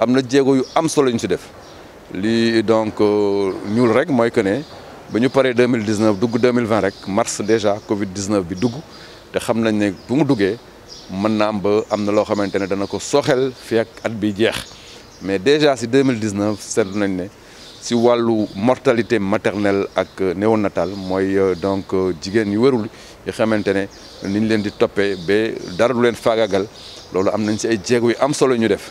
amna na yu am solo ñu si def li donc euh, ñul rek moy que ne ba ñu paree deux mille dix dugg deux rek mars déjà Covid 19 bi dugg te xam nañ ne bu mu duggee mën naa am ba amna lo xamantene xamante ne dana ko soxel fi ak at bi jeex mais déjà ci 2019 mille nañ ne ci walu mortalité maternelle ak euh, néonatal moy euh, donc jigen yu wërul yi xamante ne leen di topé bé dara du leen faagaagal lolu am nañ si ay jéego yu am solo ñu def.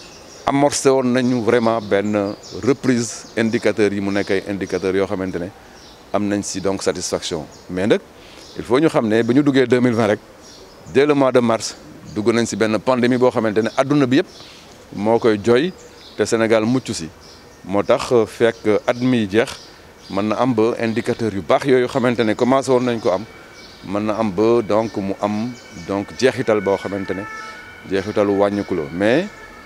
amorcé woon nañu vraiment benn reprise indicateur yi mu nekk ay indicateurs yoo xamante ne am nañ si donc satisfaction mais nak il faut ñu xamné ne ba ñu duggee 2020 rek dès le mois de mars dugg nañ ci ben pandémie bo xamantene aduna bi yépp moo koy jooy te Sénégal muccu ci motax tax euh, fekk euh, at jeex mën na am ba indicateur yu bax yooyu xamantene commencé won nañ ko am mën na am ba donc mu am donc jeexital bo xamantene jeexitalu wàññiku la mais.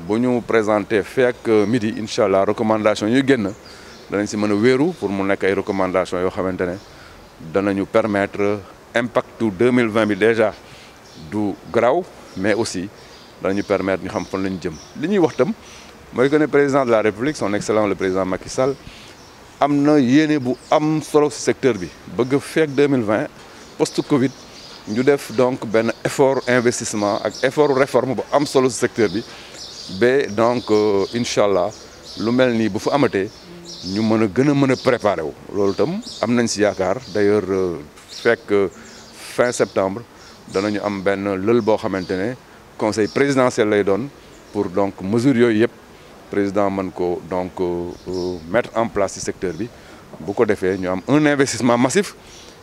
bu ñu présenter fekk euh, midi inshallah recommandations recommandation yu génn danañ si pour mu nek ay recommandation yo xamante ne permettre impactu 2020 bi déjà du graw mais aussi nous permettre ñu xam fon lañu jëm li ñuy wax tam moy que président de la république son excellent le président Macky Sall am na bu am solo si secteur bi bëgg fek 2020 post covid ñu def donc un effort investissement ak effort réforme bu am solo secteur bi ba donc euh, incha allah lu mel bu fu amatee ñu mën gëna gën préparer wu loolu tam am nañ si d'ailleurs euh, fekk euh, fin septembre danañu am ben leul bo xamantene conseil présidentiel lay donne pour donc mesure yoy yep président man ko donc mettre en place ce secteur bi bu ko défé ñu am un investissement massif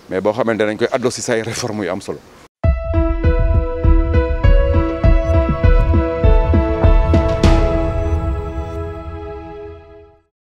mais bo xamantene dañ koy addo si say réforme yu am solo